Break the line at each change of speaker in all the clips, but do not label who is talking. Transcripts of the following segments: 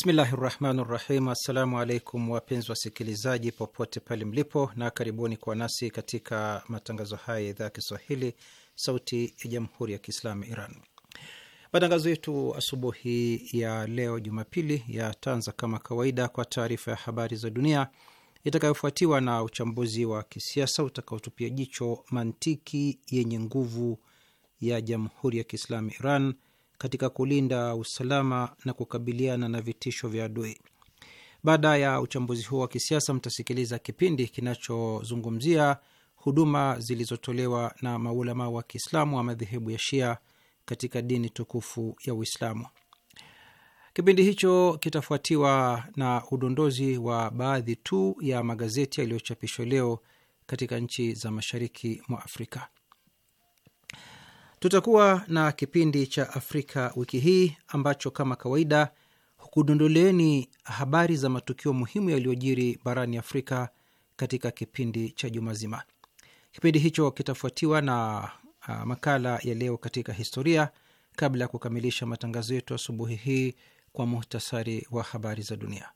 Bismillahi rahmani rahim. Assalamu alaikum wapenzi wasikilizaji popote pale mlipo, na karibuni kwa nasi katika matangazo haya ya idhaa ya Kiswahili sauti ya jamhuri ya kiislamu Iran. Matangazo yetu asubuhi ya leo Jumapili yataanza kama kawaida kwa taarifa ya habari za dunia itakayofuatiwa na uchambuzi wa kisiasa utakaotupia jicho mantiki yenye nguvu ya jamhuri ya kiislamu Iran katika kulinda usalama na kukabiliana na vitisho vya adui. Baada ya uchambuzi huo wa kisiasa, mtasikiliza kipindi kinachozungumzia huduma zilizotolewa na maulama wa Kiislamu wa madhehebu ya Shia katika dini tukufu ya Uislamu. Kipindi hicho kitafuatiwa na udondozi wa baadhi tu ya magazeti yaliyochapishwa leo katika nchi za mashariki mwa Afrika. Tutakuwa na kipindi cha Afrika wiki hii ambacho kama kawaida hukudondoleeni habari za matukio muhimu yaliyojiri barani Afrika katika kipindi cha juma zima. Kipindi hicho kitafuatiwa na uh, makala ya leo katika historia, kabla ya kukamilisha matangazo yetu asubuhi hii kwa muhtasari wa habari za dunia.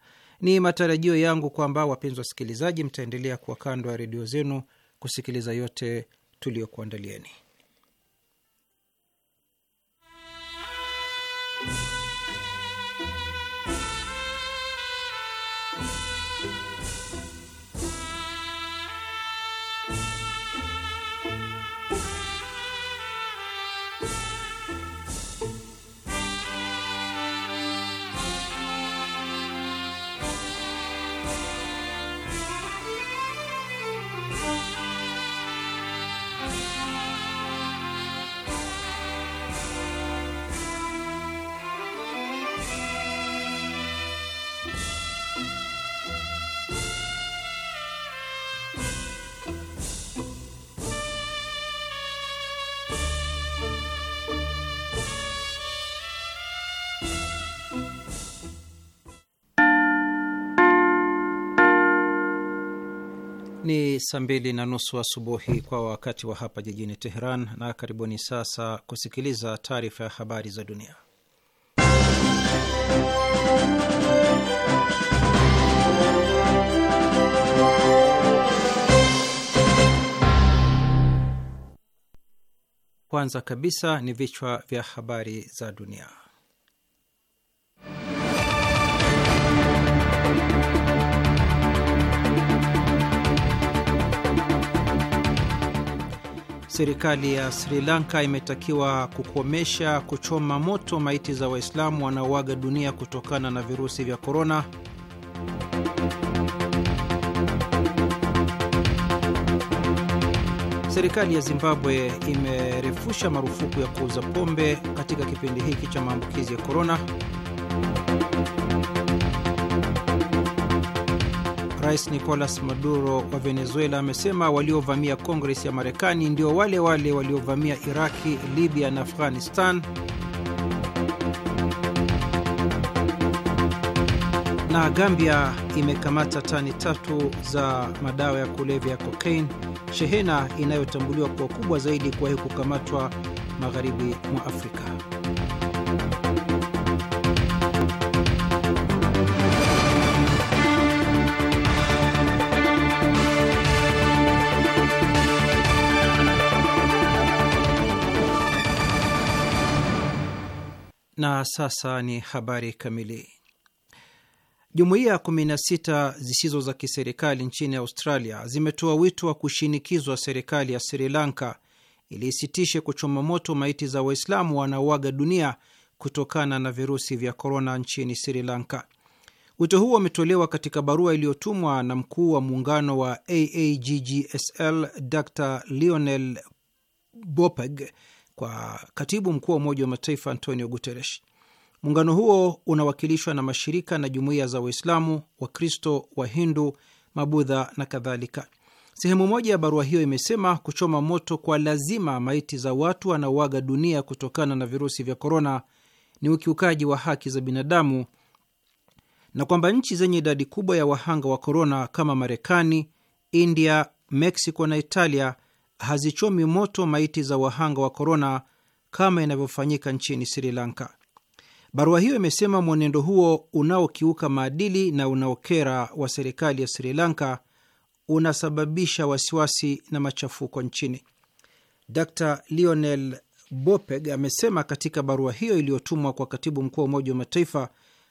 Ni matarajio yangu kwamba wapenzi wasikilizaji, mtaendelea kuwa kando ya redio zenu kusikiliza yote tuliyokuandalieni. saa mbili na nusu asubuhi wa kwa wakati wa hapa jijini Teheran, na karibuni sasa kusikiliza taarifa ya habari za dunia. Kwanza kabisa ni vichwa vya habari za dunia. Serikali ya Sri Lanka imetakiwa kukomesha kuchoma moto maiti za Waislamu wanaoaga dunia kutokana na virusi vya korona. Serikali ya Zimbabwe imerefusha marufuku ya kuuza pombe katika kipindi hiki cha maambukizi ya korona. Rais Nicolas Maduro wa Venezuela amesema waliovamia Kongres ya Marekani ndio wale wale waliovamia Iraki, Libya na Afghanistan. Na Gambia imekamata tani tatu za madawa ya kulevya ya kokaini, shehena inayotambuliwa kuwa kubwa zaidi kuwahi kukamatwa magharibi mwa Afrika. Na sasa ni habari kamili. Jumuiya sita zisizo za kiserikali nchini Australia zimetoa wito wa kushinikizwa serikali ya Sri Lanka ili isitishe kuchoma moto maiti za Waislamu wanaoaga dunia kutokana na virusi vya korona nchini Sri Lanka. Wito huo umetolewa katika barua iliyotumwa na mkuu wa muungano wa AAGGSL Dr Lionel Bopeg kwa katibu mkuu wa Umoja wa Mataifa Antonio Guterres. Muungano huo unawakilishwa na mashirika na jumuiya za Waislamu, Wakristo, Wahindu, Mabudha na kadhalika. Sehemu moja ya barua hiyo imesema kuchoma moto kwa lazima maiti za watu wanaoaga dunia kutokana na virusi vya korona ni ukiukaji wa haki za binadamu na kwamba nchi zenye idadi kubwa ya wahanga wa korona kama Marekani, India, Mexico na Italia hazichomi moto maiti za wahanga wa korona kama inavyofanyika nchini Sri Lanka. Barua hiyo imesema mwenendo huo unaokiuka maadili na unaokera wa serikali ya Sri Lanka unasababisha wasiwasi na machafuko nchini. Dr Lionel Bopeg amesema katika barua hiyo iliyotumwa kwa katibu mkuu wa Umoja wa Mataifa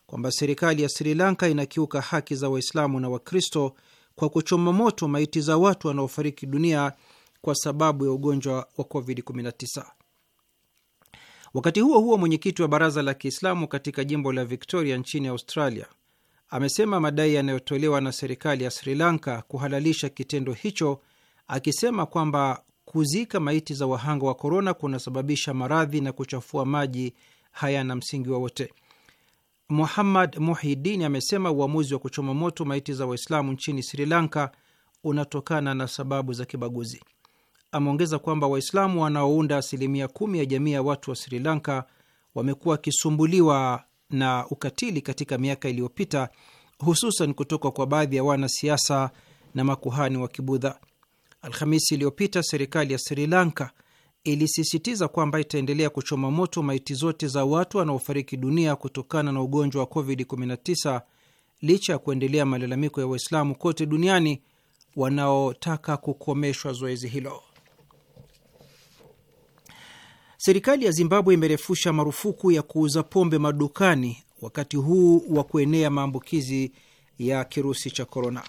kwamba serikali ya Sri Lanka inakiuka haki za Waislamu na Wakristo kwa kuchoma moto maiti za watu wanaofariki dunia kwa sababu ya ugonjwa wa COVID-19. Wakati huo huo, mwenyekiti wa baraza la Kiislamu katika jimbo la Victoria nchini Australia amesema madai yanayotolewa na serikali ya Sri Lanka kuhalalisha kitendo hicho, akisema kwamba kuzika maiti za wahanga wa korona kunasababisha maradhi na kuchafua maji hayana msingi wowote. Muhammad Muhidini amesema uamuzi wa kuchoma moto maiti za Waislamu nchini Sri Lanka unatokana na sababu za kibaguzi ameongeza kwamba Waislamu wanaounda asilimia kumi ya jamii ya watu wa Sri Lanka wamekuwa wakisumbuliwa na ukatili katika miaka iliyopita, hususan kutoka kwa baadhi ya wanasiasa na makuhani wa Kibudha. Alhamisi iliyopita serikali ya Sri Lanka ilisisitiza kwamba itaendelea kuchoma moto maiti zote za watu wanaofariki dunia kutokana na ugonjwa wa COVID-19 licha ya kuendelea malalamiko ya Waislamu kote duniani wanaotaka kukomeshwa zoezi hilo. Serikali ya Zimbabwe imerefusha marufuku ya kuuza pombe madukani wakati huu wa kuenea maambukizi ya kirusi cha korona.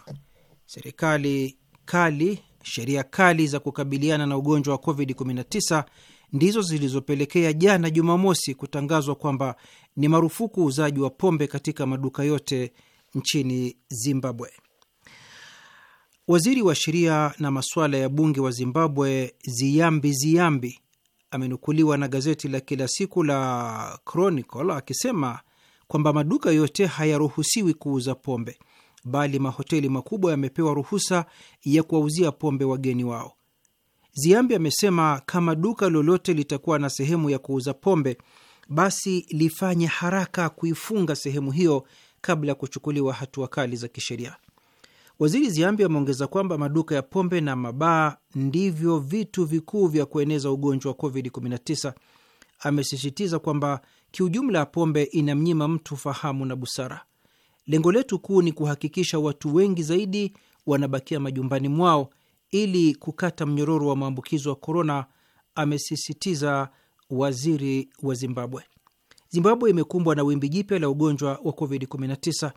Serikali kali, sheria kali za kukabiliana na ugonjwa wa COVID-19 ndizo zilizopelekea jana Jumamosi kutangazwa kwamba ni marufuku uuzaji wa pombe katika maduka yote nchini Zimbabwe. Waziri wa sheria na masuala ya bunge wa Zimbabwe Ziyambi Ziyambi amenukuliwa na gazeti la kila siku la Chronicle akisema kwamba maduka yote hayaruhusiwi kuuza pombe, bali mahoteli makubwa yamepewa ruhusa ya kuwauzia pombe wageni wao. Ziambi amesema kama duka lolote litakuwa na sehemu ya kuuza pombe, basi lifanye haraka kuifunga sehemu hiyo kabla ya kuchukuliwa hatua kali za kisheria. Waziri Ziambi ameongeza kwamba maduka ya pombe na mabaa ndivyo vitu vikuu vya kueneza ugonjwa wa COVID-19. Amesisitiza kwamba kiujumla, pombe inamnyima mtu fahamu na busara. Lengo letu kuu ni kuhakikisha watu wengi zaidi wanabakia majumbani mwao ili kukata mnyororo wa maambukizo wa korona, amesisitiza waziri wa Zimbabwe. Zimbabwe imekumbwa na wimbi jipya la ugonjwa wa COVID-19.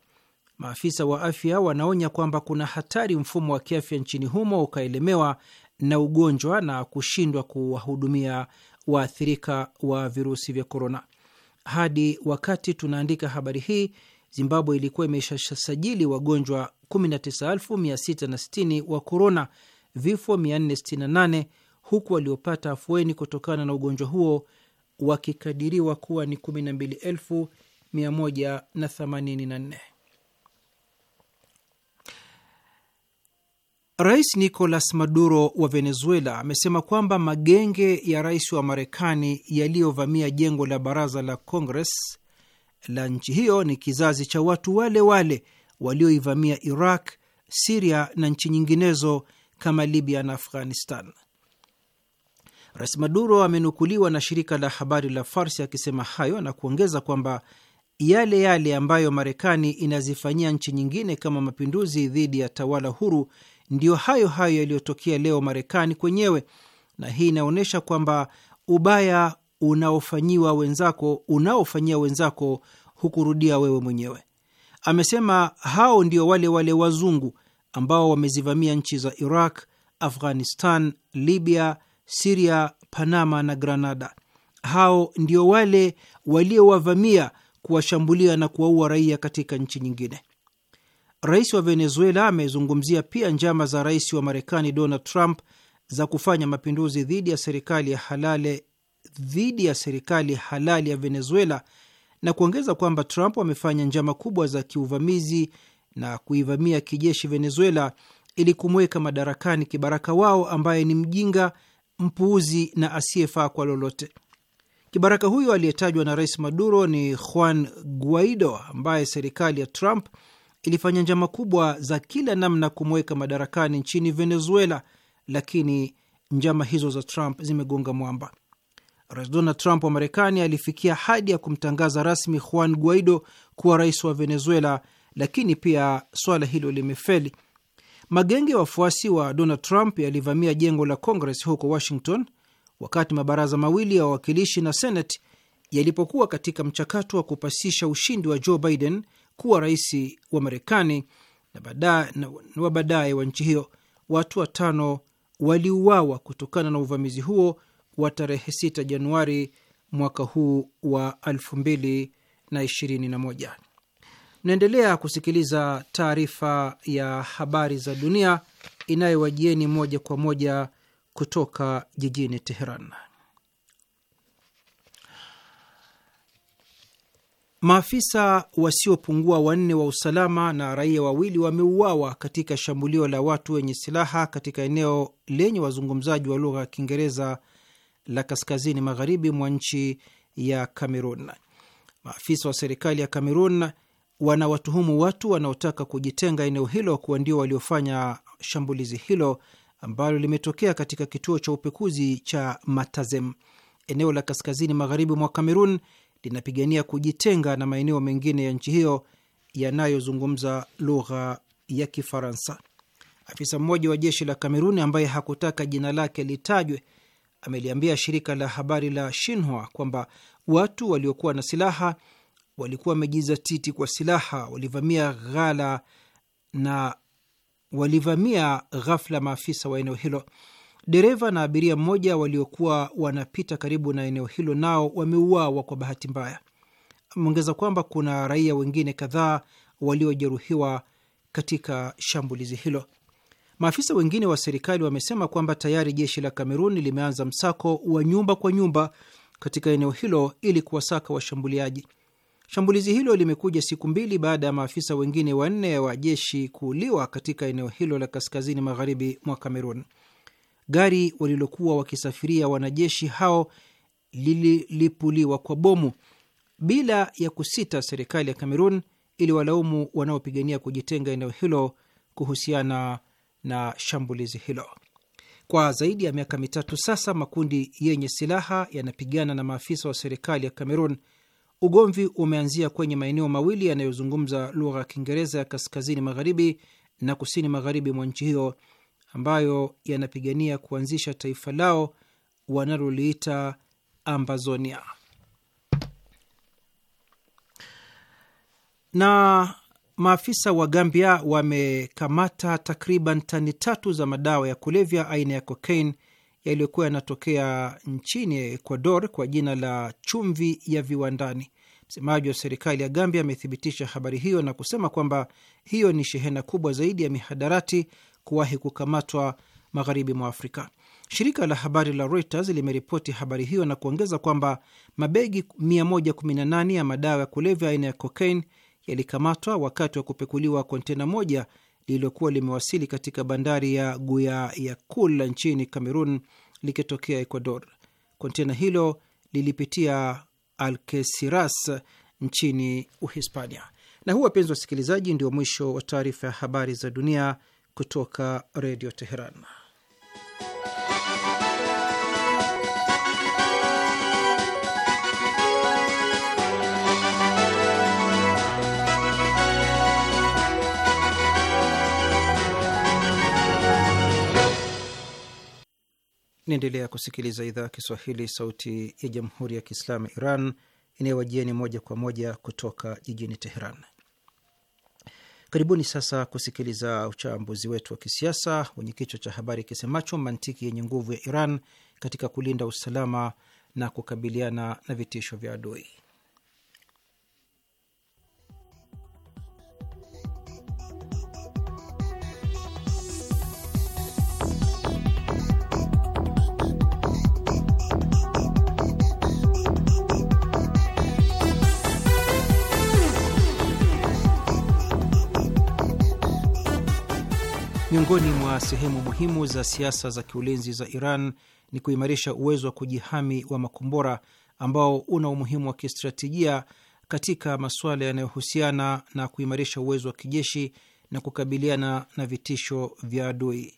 Maafisa wa afya wanaonya kwamba kuna hatari mfumo wa kiafya nchini humo ukaelemewa na ugonjwa na kushindwa kuwahudumia waathirika wa virusi vya korona. Hadi wakati tunaandika habari hii, Zimbabwe ilikuwa imeshasajili wagonjwa 19660 wa korona, vifo 468, huku waliopata afueni kutokana na ugonjwa huo wakikadiriwa kuwa ni 12184. Rais Nicolas Maduro wa Venezuela amesema kwamba magenge ya rais wa Marekani yaliyovamia jengo la baraza la Congress la nchi hiyo ni kizazi cha watu wale wale walioivamia Iraq, Siria na nchi nyinginezo kama Libya na Afghanistan. Rais Maduro amenukuliwa na shirika la habari la Farsi akisema hayo na kuongeza kwamba yale yale ambayo Marekani inazifanyia nchi nyingine kama mapinduzi dhidi ya tawala huru ndiyo hayo hayo yaliyotokea leo Marekani kwenyewe, na hii inaonyesha kwamba ubaya unaofanyiwa wenzako unaofanyia wenzako hukurudia wewe mwenyewe. Amesema hao ndio wale wale wazungu ambao wamezivamia nchi za Iraq, Afghanistan, Libya, Siria, Panama na Granada. Hao ndio wale waliowavamia kuwashambulia na kuwaua raia katika nchi nyingine. Rais wa Venezuela amezungumzia pia njama za rais wa Marekani Donald Trump za kufanya mapinduzi dhidi ya serikali ya halali, dhidi ya serikali halali ya Venezuela na kuongeza kwamba Trump amefanya njama kubwa za kiuvamizi na kuivamia kijeshi Venezuela ili kumweka madarakani kibaraka wao ambaye ni mjinga, mpuuzi na asiyefaa kwa lolote. Kibaraka huyo aliyetajwa na Rais Maduro ni Juan Guaido ambaye serikali ya Trump ilifanya njama kubwa za kila namna kumweka madarakani nchini Venezuela, lakini njama hizo za Trump zimegonga mwamba. Rais Donald Trump wa Marekani alifikia hadi ya kumtangaza rasmi Juan Guaido kuwa rais wa Venezuela, lakini pia swala hilo limefeli. Magenge ya wafuasi wa Donald Trump yalivamia jengo la Congress huko Washington wakati mabaraza mawili ya wawakilishi na Senate yalipokuwa katika mchakato wa kupasisha ushindi wa Joe Biden kuwa rais wa Marekani wa baadaye wa nchi hiyo. Watu watano waliuawa kutokana na uvamizi huo wa tarehe 6 Januari mwaka huu wa 2021. naendelea kusikiliza taarifa ya habari za dunia inayowajieni moja kwa moja kutoka jijini Teheran. Maafisa wasiopungua wanne wa usalama na raia wawili wameuawa katika shambulio la watu wenye silaha katika eneo lenye wazungumzaji wa lugha ya Kiingereza la kaskazini magharibi mwa nchi ya Kamerun. Maafisa wa serikali ya Kamerun wanawatuhumu watu wanaotaka kujitenga eneo hilo kuwa ndio waliofanya shambulizi hilo ambalo limetokea katika kituo cha upekuzi cha Matazem, eneo la kaskazini magharibi mwa Kamerun linapigania kujitenga na maeneo mengine ya nchi hiyo yanayozungumza lugha ya Kifaransa. Afisa mmoja wa jeshi la Kameruni ambaye hakutaka jina lake litajwe ameliambia shirika la habari la Shinhua kwamba watu waliokuwa na silaha walikuwa wamejizatiti kwa silaha, walivamia ghala na walivamia ghafla maafisa wa eneo hilo. Dereva na abiria mmoja waliokuwa wanapita karibu na eneo hilo nao wameuawa kwa bahati mbaya. Ameongeza kwamba kuna raia wengine kadhaa waliojeruhiwa katika shambulizi hilo. Maafisa wengine wa serikali wamesema kwamba tayari jeshi la Kamerun limeanza msako wa nyumba kwa nyumba katika eneo hilo ili kuwasaka washambuliaji. Shambulizi hilo limekuja siku mbili baada ya maafisa wengine wanne wa jeshi kuuliwa katika eneo hilo la kaskazini magharibi mwa Kamerun. Gari walilokuwa wakisafiria wanajeshi hao lililipuliwa kwa bomu. Bila ya kusita, serikali ya Kamerun iliwalaumu wanaopigania kujitenga eneo hilo kuhusiana na shambulizi hilo. Kwa zaidi ya miaka mitatu sasa, makundi yenye silaha yanapigana na maafisa wa serikali ya Kamerun. Ugomvi umeanzia kwenye maeneo mawili yanayozungumza lugha ya Kiingereza ya kaskazini magharibi na kusini magharibi mwa nchi hiyo ambayo yanapigania kuanzisha taifa lao wanaloliita Ambazonia. Na maafisa wa Gambia wamekamata takriban tani tatu za madawa ya kulevya aina ya kokain yaliyokuwa yanatokea nchini Ecuador kwa jina la chumvi ya viwandani. Msemaji wa serikali ya Gambia amethibitisha habari hiyo na kusema kwamba hiyo ni shehena kubwa zaidi ya mihadarati kuwahi kukamatwa magharibi mwa Afrika. Shirika la habari la Reuters limeripoti habari hiyo na kuongeza kwamba mabegi 118 ya madawa ya kulevya aina ya cocaine yalikamatwa wakati wa kupekuliwa kontena moja lililokuwa limewasili katika bandari ya Guayaquil nchini Cameroon likitokea Ecuador. Kontena hilo lilipitia alkesiras nchini Uhispania. Na huu, wapenzi wasikilizaji, ndio mwisho wa taarifa ya habari za dunia kutoka Redio Teheran. Niendelea kusikiliza idhaa ya Kiswahili, sauti ya jamhuri ya kiislamu Iran inayowajieni moja kwa moja kutoka jijini Teheran. Karibuni sasa kusikiliza uchambuzi wetu wa kisiasa wenye kichwa cha habari kisemacho mantiki yenye nguvu ya Iran katika kulinda usalama na kukabiliana na vitisho vya adui. Miongoni mwa sehemu muhimu za siasa za kiulinzi za Iran ni kuimarisha uwezo wa kujihami wa makombora ambao una umuhimu wa kistratejia katika masuala yanayohusiana na kuimarisha uwezo wa kijeshi na kukabiliana na vitisho vya adui.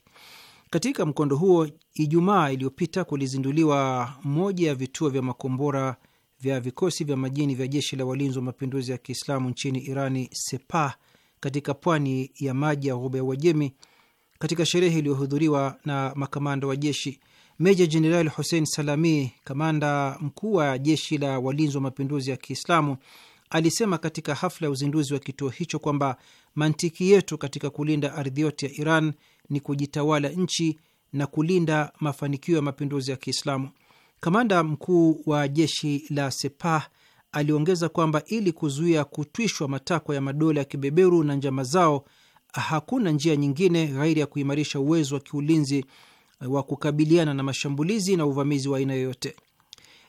Katika mkondo huo, Ijumaa iliyopita kulizinduliwa moja ya vituo vya makombora vya vikosi vya majini vya jeshi la walinzi wa mapinduzi ya Kiislamu nchini Irani, Sepah, katika pwani ya maji ya Ghuba ya Uajemi katika sherehe iliyohudhuriwa na makamanda wa jeshi. Meja Jenerali Hussein Salami, kamanda mkuu wa jeshi la walinzi wa mapinduzi ya Kiislamu, alisema katika hafla ya uzinduzi wa kituo hicho kwamba mantiki yetu katika kulinda ardhi yote ya Iran ni kujitawala nchi na kulinda mafanikio ya mapinduzi ya Kiislamu. Kamanda mkuu wa jeshi la Sepah aliongeza kwamba ili kuzuia kutwishwa matakwa ya madola ya kibeberu na njama zao hakuna njia nyingine ghairi ya kuimarisha uwezo wa kiulinzi eh, wa kukabiliana na mashambulizi na uvamizi wa aina yoyote.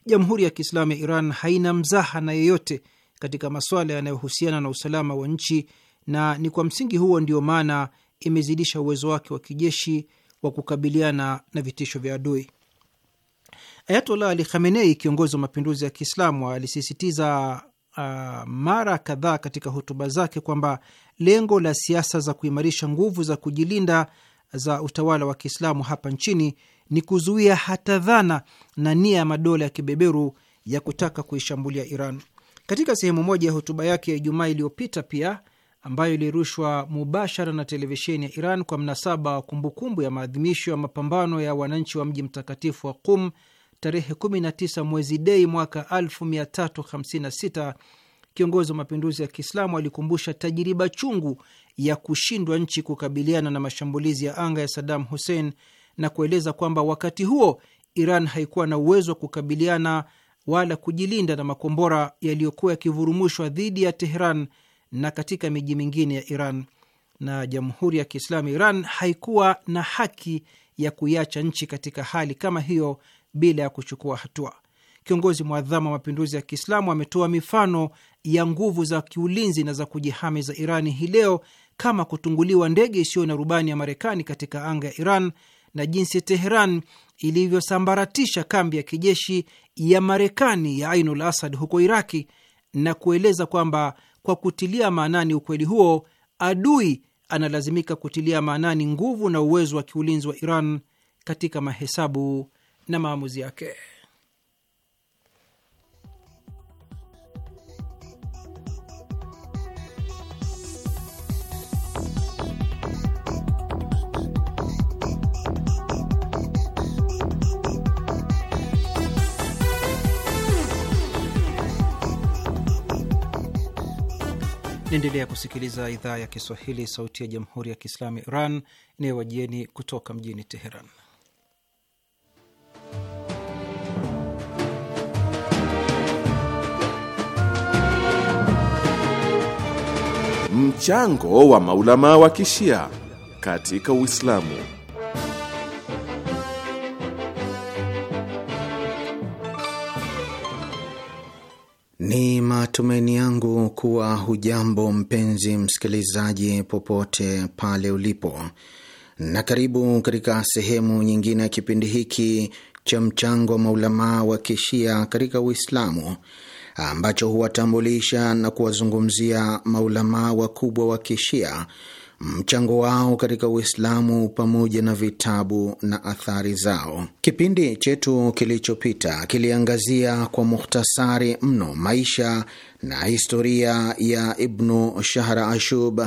Jamhuri ya Kiislamu ya Iran haina mzaha na yeyote katika masuala yanayohusiana na usalama wa nchi, na ni kwa msingi huo ndiyo maana imezidisha uwezo wake wa kijeshi wa kukabiliana na vitisho vya adui. Ayatollah Ali Khamenei, kiongozi wa mapinduzi ya Kiislamu, alisisitiza uh, mara kadhaa katika hotuba zake kwamba lengo la siasa za kuimarisha nguvu za kujilinda za utawala wa Kiislamu hapa nchini ni kuzuia hata dhana na nia ya madola ya kibeberu ya kutaka kuishambulia Iran. Katika sehemu moja ya hotuba yake ya Ijumaa iliyopita pia ambayo ilirushwa mubashara na televisheni ya Iran kwa mnasaba wa kumbukumbu ya maadhimisho ya mapambano ya wananchi wa mji mtakatifu wa Qum tarehe 19 mwezi Dei mwaka 1356 kiongozi wa mapinduzi ya Kiislamu alikumbusha tajiriba chungu ya kushindwa nchi kukabiliana na mashambulizi ya anga ya Saddam Hussein na kueleza kwamba wakati huo Iran haikuwa na uwezo wa kukabiliana wala kujilinda na makombora yaliyokuwa yakivurumushwa dhidi ya Tehran na katika miji mingine ya Iran, na Jamhuri ya Kiislamu Iran haikuwa na haki ya kuiacha nchi katika hali kama hiyo bila ya kuchukua hatua kiongozi mwadhama wa mapinduzi ya Kiislamu ametoa mifano ya nguvu za kiulinzi na za kujihami za Irani hii leo kama kutunguliwa ndege isiyo na rubani ya Marekani katika anga ya Iran na jinsi Teheran ilivyosambaratisha kambi ya kijeshi ya Marekani ya Ainul Asad huko Iraki na kueleza kwamba kwa kutilia maanani ukweli huo, adui analazimika kutilia maanani nguvu na uwezo wa kiulinzi wa Iran katika mahesabu na maamuzi yake. Naendelea kusikiliza idhaa ya Kiswahili, sauti ya jamhuri ya kiislamu Iran inayowajieni kutoka mjini Teheran.
Mchango wa maulama wa kishia katika Uislamu.
Ni matumaini yangu kuwa hujambo mpenzi msikilizaji, popote pale ulipo, na karibu katika sehemu nyingine ya kipindi hiki cha mchango wa maulamaa wa kishia katika Uislamu ambacho huwatambulisha na kuwazungumzia maulamaa wakubwa wa kishia mchango wao katika Uislamu pamoja na vitabu na athari zao. Kipindi chetu kilichopita kiliangazia kwa muhtasari mno maisha na historia ya Ibnu Shahra Ashub,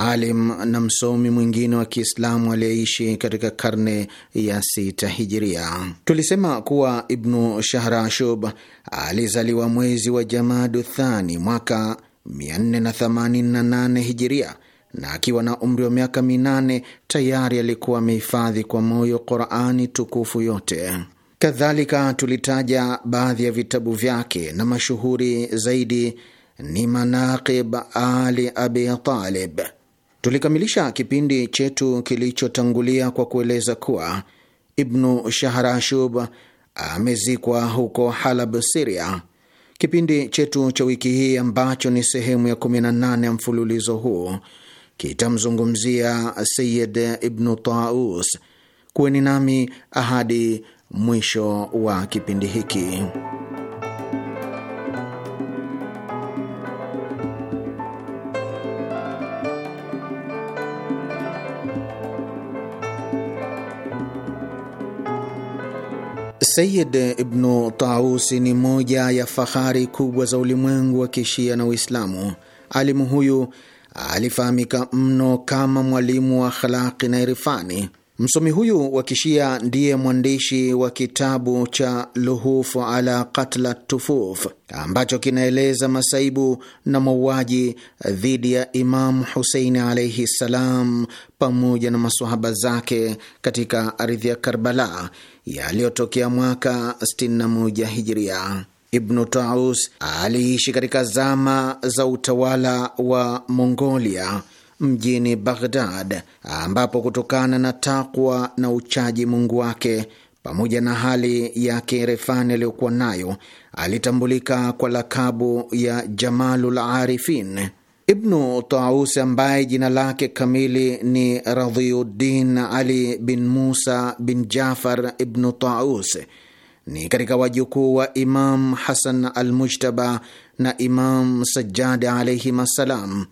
alim na msomi mwingine wa Kiislamu aliyeishi katika karne ya sita hijiria. Tulisema kuwa Ibnu Shahra Ashub alizaliwa mwezi wa Jamadu Thani mwaka 488 hijiria na akiwa na umri wa miaka minane tayari alikuwa amehifadhi kwa moyo Qurani tukufu yote. Kadhalika tulitaja baadhi ya vitabu vyake na mashuhuri zaidi ni Manaqib Ali Abi Talib. Tulikamilisha kipindi chetu kilichotangulia kwa kueleza kuwa Ibnu Shahrashub amezikwa huko Halab, Siria. Kipindi chetu cha wiki hii ambacho ni sehemu ya 18 ya mfululizo huu kitamzungumzia Sayid Ibnu Taus. Kuweni nami hadi mwisho wa kipindi hiki. Sayid Ibnu Taus ni moja ya fahari kubwa za ulimwengu wa Kishia na Uislamu. Alimu huyu alifahamika mno kama mwalimu wa akhlaqi na irifani. Msomi huyu wa kishia ndiye mwandishi wa kitabu cha Luhufu ala Katla Tufuf ambacho kinaeleza masaibu na mauaji dhidi ya Imamu Huseini alaihi ssalam pamoja na masahaba zake katika ardhi ya Karbala yaliyotokea mwaka 61 hijiria Ibnu Taus aliishi katika zama za utawala wa Mongolia mjini Baghdad, ambapo kutokana na takwa na uchaji Mungu wake pamoja na hali ya kierefani aliyokuwa nayo alitambulika kwa lakabu ya Jamalul Arifin. Ibnu Taus ambaye jina lake kamili ni Radhiuddin Ali bin Musa bin Jafar Ibnu Taus ni katika wajukuu wa Imam Hasan Almujtaba na Imam Sajadi alaihim assalam,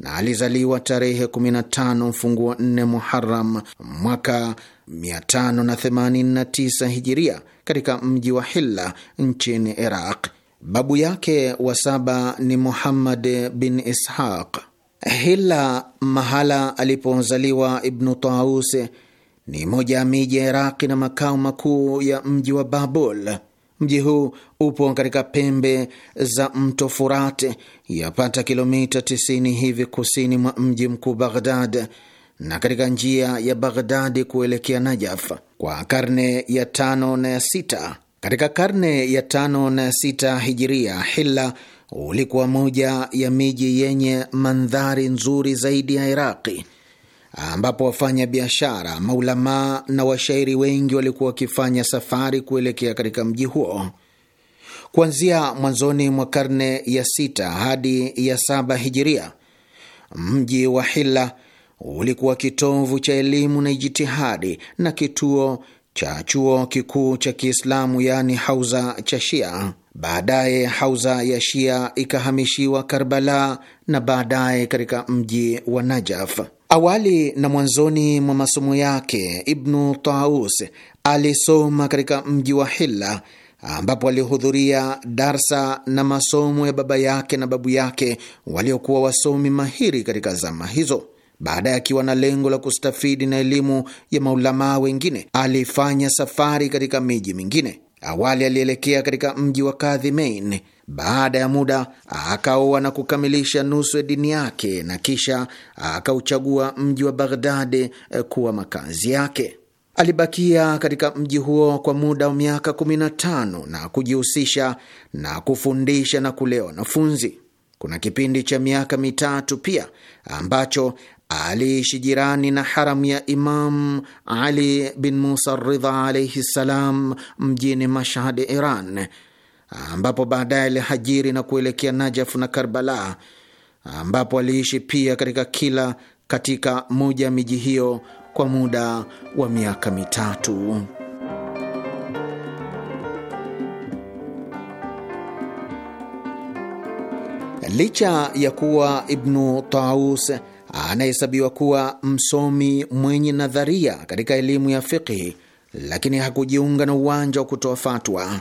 na alizaliwa tarehe 15 mfunguo 4 Muharam mwaka 589 hijiria katika mji wa Hilla nchini Iraq. Babu yake wa saba ni Muhammad bin Ishaq. Hilla mahala alipozaliwa Ibnu Taus ni moja ya miji ya Iraqi na makao makuu ya mji wa Babul. Mji huu upo katika pembe za mto Furati, yapata kilomita 90 hivi kusini mwa mji mkuu Baghdad na katika njia ya Baghdadi kuelekea Najaf kwa karne ya tano na ya sita. Katika karne ya tano na ya sita hijiria, Hilla ulikuwa moja ya miji yenye mandhari nzuri zaidi ya Iraqi ambapo wafanya biashara, maulamaa na washairi wengi walikuwa wakifanya safari kuelekea katika mji huo. Kuanzia mwanzoni mwa karne ya sita hadi ya saba hijiria, mji wa Hilla ulikuwa kitovu cha elimu na ijitihadi na kituo cha chuo kikuu cha Kiislamu, yaani hauza cha Shia. Baadaye hauza ya Shia ikahamishiwa Karbala na baadaye katika mji wa Najaf. Awali na mwanzoni mwa masomo yake Ibnu Taus alisoma katika mji wa Hilla ambapo alihudhuria darsa na masomo ya baba yake na babu yake waliokuwa wasomi mahiri katika zama hizo. Baadaye, akiwa na lengo la kustafidi na elimu ya maulamaa wengine, alifanya safari katika miji mingine. Awali alielekea katika mji wa Kadhimain. Baada ya muda akaoa na kukamilisha nusu ya dini yake na kisha akauchagua mji wa Baghdadi eh, kuwa makazi yake. Alibakia katika mji huo kwa muda wa miaka 15 na kujihusisha na kufundisha na kulea wanafunzi. Kuna kipindi cha miaka mitatu pia ambacho aliishi jirani na haramu ya Imam Ali bin Musa Ridha alaihi ssalam mjini Mashhad, Iran, ambapo baadaye alihajiri na kuelekea Najafu na Karbala, ambapo aliishi pia katika kila katika moja ya miji hiyo kwa muda wa miaka mitatu. Licha ya kuwa Ibnu Taus anahesabiwa kuwa msomi mwenye nadharia katika elimu ya fiqhi, lakini hakujiunga na uwanja wa kutoa fatwa.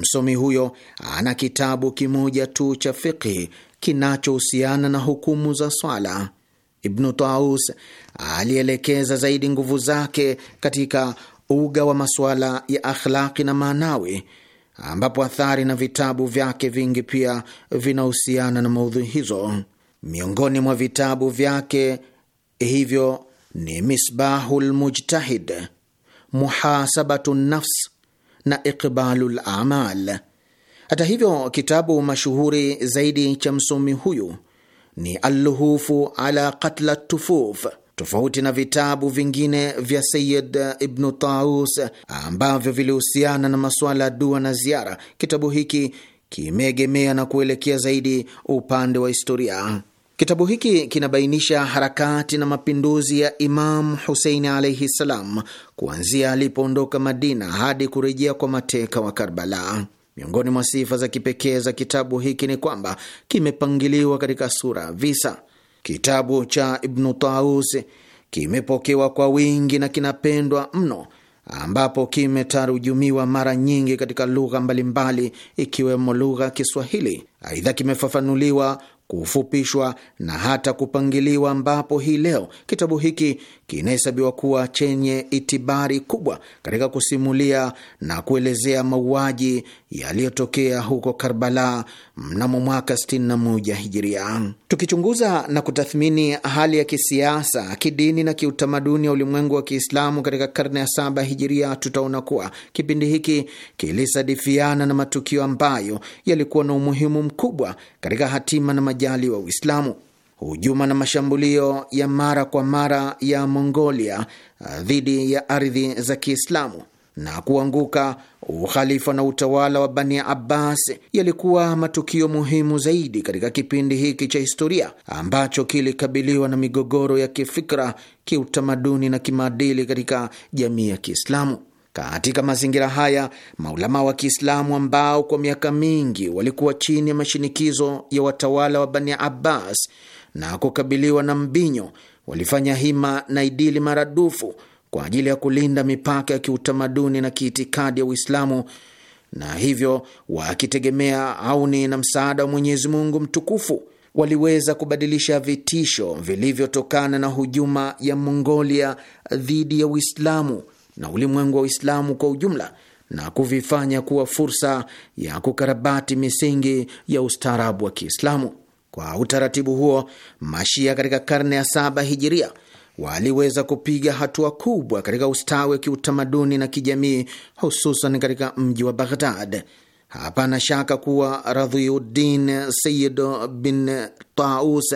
Msomi huyo ana kitabu kimoja tu cha fiqhi kinachohusiana na hukumu za swala. Ibnu Taus alielekeza zaidi nguvu zake katika uga wa masuala ya akhlaki na maanawi, ambapo athari na vitabu vyake vingi pia vinahusiana na maudhui hizo miongoni mwa vitabu vyake hivyo ni Misbahul Mujtahid, Muhasabatu Nafs na Iqbalu Lamal. Hata hivyo, kitabu mashuhuri zaidi cha msomi huyu ni Alluhufu ala Qatla Tufuf. Tofauti na vitabu vingine vya Sayid Ibnu Taus ambavyo vilihusiana na masuala ya dua na ziara, kitabu hiki kimeegemea na kuelekea zaidi upande wa historia. Kitabu hiki kinabainisha harakati na mapinduzi ya Imamu husein alaihi ssalam, kuanzia alipoondoka Madina hadi kurejea kwa mateka wa Karbala. Miongoni mwa sifa za kipekee za kitabu hiki ni kwamba kimepangiliwa katika sura visa. Kitabu cha Ibnu Taus kimepokewa kwa wingi na kinapendwa mno, ambapo kimetarujumiwa mara nyingi katika lugha mbalimbali ikiwemo lugha ya Kiswahili. Aidha, kimefafanuliwa kufupishwa na hata kupangiliwa, ambapo hii leo kitabu hiki kinahesabiwa kuwa chenye itibari kubwa katika kusimulia na kuelezea mauaji yaliyotokea huko Karbala mnamo mwaka 61 Hijiria. Tukichunguza na kutathmini hali ya kisiasa, kidini na kiutamaduni ya ulimwengu wa Kiislamu katika karne ya saba Hijiria, tutaona kuwa kipindi hiki kilisadifiana na matukio ambayo yalikuwa na umuhimu mkubwa katika hatima na majali wa Uislamu hujuma na mashambulio ya mara kwa mara ya Mongolia uh, dhidi ya ardhi za Kiislamu na kuanguka ukhalifa na utawala wa Bani Abbas yalikuwa matukio muhimu zaidi katika kipindi hiki cha historia ambacho kilikabiliwa na migogoro ya kifikra, kiutamaduni na kimaadili katika jamii ya Kiislamu. Katika mazingira haya, maulama wa Kiislamu ambao kwa miaka mingi walikuwa chini ya mashinikizo ya watawala wa Bani Abbas na kukabiliwa na mbinyo, walifanya hima na idili maradufu kwa ajili ya kulinda mipaka ya kiutamaduni na kiitikadi ya Uislamu, na hivyo wakitegemea auni na msaada wa Mwenyezi Mungu mtukufu waliweza kubadilisha vitisho vilivyotokana na hujuma ya Mongolia dhidi ya Uislamu na ulimwengu wa Uislamu kwa ujumla na kuvifanya kuwa fursa ya kukarabati misingi ya ustaarabu wa Kiislamu. Kwa utaratibu huo, Mashia katika karne ya saba hijiria waliweza kupiga hatua kubwa katika ustawi wa kiutamaduni na kijamii, hususan katika mji wa Baghdad. Hapana shaka kuwa Radhiuddin Sayid bin Taus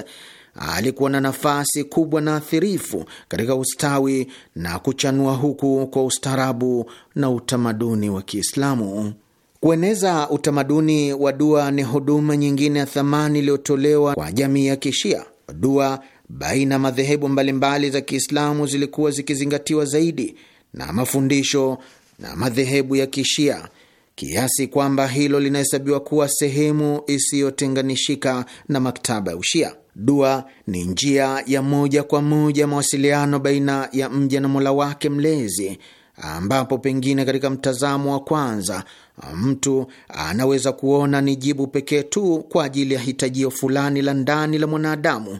alikuwa na nafasi kubwa na athirifu katika ustawi na kuchanua huku kwa ustaarabu na utamaduni wa Kiislamu. Kueneza utamaduni wa dua ni huduma nyingine ya thamani iliyotolewa kwa jamii ya Kishia. Dua baina ya madhehebu mbalimbali za Kiislamu zilikuwa zikizingatiwa zaidi na mafundisho na madhehebu ya Kishia kiasi kwamba hilo linahesabiwa kuwa sehemu isiyotenganishika na maktaba ya Ushia. Dua ni njia ya moja kwa moja mawasiliano baina ya mja na Mola wake Mlezi, ambapo pengine katika mtazamo wa kwanza mtu anaweza kuona ni jibu pekee tu kwa ajili ya hitajio fulani la ndani la mwanadamu,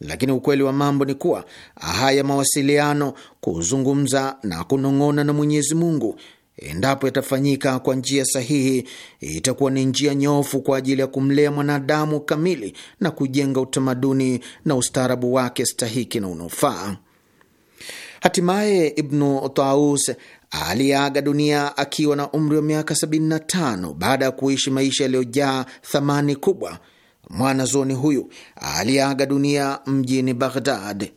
lakini ukweli wa mambo ni kuwa haya mawasiliano, kuzungumza na kunong'ona na Mwenyezi Mungu, endapo yatafanyika kwa njia sahihi, itakuwa ni njia nyofu kwa ajili ya kumlea mwanadamu kamili na kujenga utamaduni na ustaarabu wake stahiki na unaofaa. Hatimaye Ibnu Taus aliyeaga dunia akiwa na umri wa miaka 75 baada ya kuishi maisha yaliyojaa thamani kubwa. Mwanazuoni huyu aliyeaga dunia mjini Baghdad.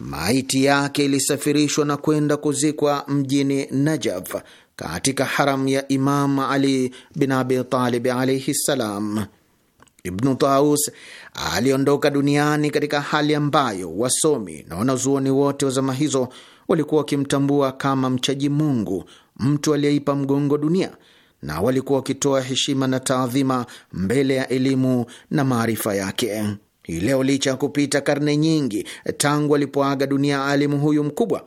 Maiti yake ilisafirishwa na kwenda kuzikwa mjini Najaf katika haram ya Imam Ali bin Abi Talib alaihi ssalam. Ibnu Taus aliondoka duniani katika hali ambayo wasomi na wanazuoni wote wa zama hizo walikuwa wakimtambua kama mchaji Mungu, mtu aliyeipa mgongo dunia, na walikuwa wakitoa heshima na taadhima mbele ya elimu na maarifa yake. Hii leo licha ya kupita karne nyingi tangu alipoaga dunia alimu huyu mkubwa,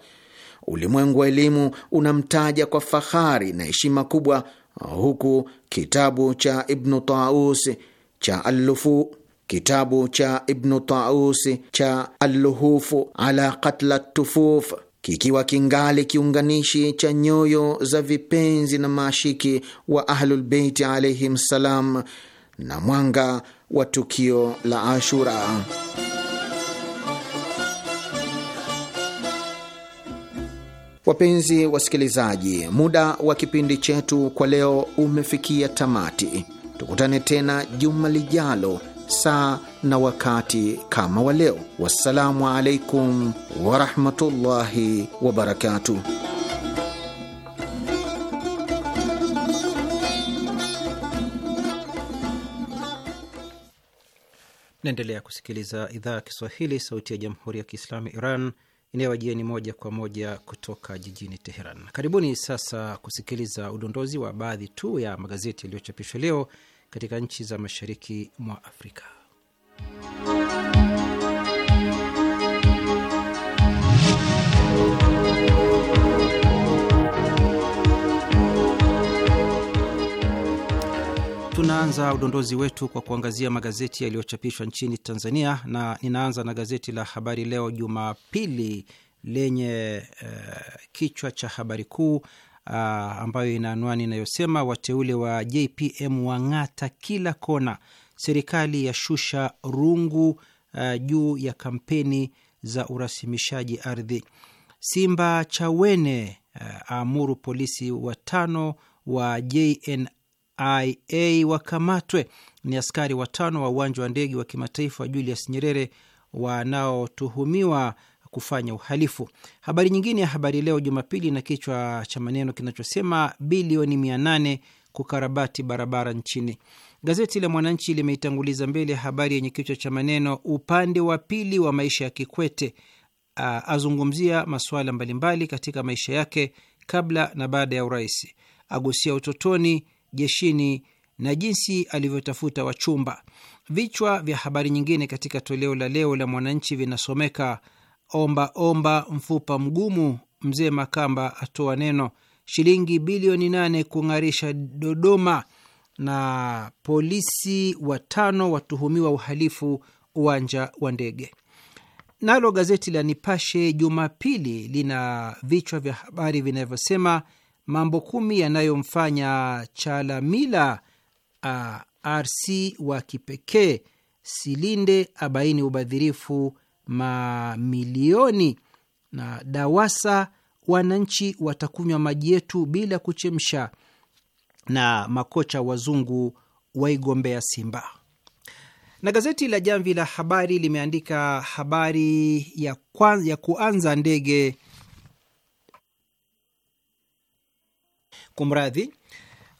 ulimwengu wa elimu unamtaja kwa fahari na heshima kubwa, huku kitabu cha Ibnu Taus cha Allufu kitabu cha Ibnu Taus cha Alluhufu ala katla tufuf kikiwa kingali kiunganishi cha nyoyo za vipenzi na maashiki wa Ahlulbeiti alaihim salam na mwanga wa tukio la Ashura. Wapenzi wasikilizaji, muda wa kipindi chetu kwa leo umefikia tamati. Tukutane tena juma lijalo saa na wakati kama wa leo. Wassalamu alaikum warahmatullahi wabarakatuh.
Naendelea kusikiliza idhaa ya Kiswahili, sauti ya jamhuri ya kiislamu Iran inayowajieni moja kwa moja kutoka jijini Teheran. Karibuni sasa kusikiliza udondozi wa baadhi tu ya magazeti yaliyochapishwa leo katika nchi za mashariki mwa Afrika. Tunaanza udondozi wetu kwa kuangazia magazeti yaliyochapishwa nchini Tanzania, na ninaanza na gazeti la Habari Leo Jumapili lenye uh, kichwa cha habari kuu uh, ambayo ina anwani inayosema wateule wa JPM wang'ata kila kona, serikali ya shusha rungu uh, juu ya kampeni za urasimishaji ardhi. Simba Chawene uh, aamuru polisi watano wa JNIA wakamatwe. Ni askari watano wa uwanja wa ndege wa kimataifa wa Julius Nyerere wanaotuhumiwa kufanya uhalifu. Habari nyingine ya Habari Leo Jumapili na kichwa cha maneno kinachosema bilioni 800 kukarabati barabara nchini. Gazeti la Mwananchi limeitanguliza mbele habari yenye kichwa cha maneno upande wa pili wa maisha ya Kikwete, azungumzia masuala mbalimbali katika maisha yake kabla na baada ya urais, agusia utotoni, jeshini na jinsi alivyotafuta wachumba. Vichwa vya habari nyingine katika toleo la leo la Mwananchi vinasomeka omba omba mfupa mgumu, mzee Makamba atoa neno. Shilingi bilioni nane kung'arisha Dodoma, na polisi watano watuhumiwa uhalifu uwanja wa ndege. Nalo gazeti la Nipashe Jumapili lina vichwa vya habari vinavyosema mambo kumi yanayomfanya Chalamila uh, RC wa kipekee, Silinde abaini ubadhirifu mamilioni, na DAWASA wananchi watakunywa maji yetu bila kuchemsha, na makocha wazungu waigombea Simba. Na gazeti la Jamvi la Habari limeandika habari ya, kwanza, ya kuanza ndege kumradhi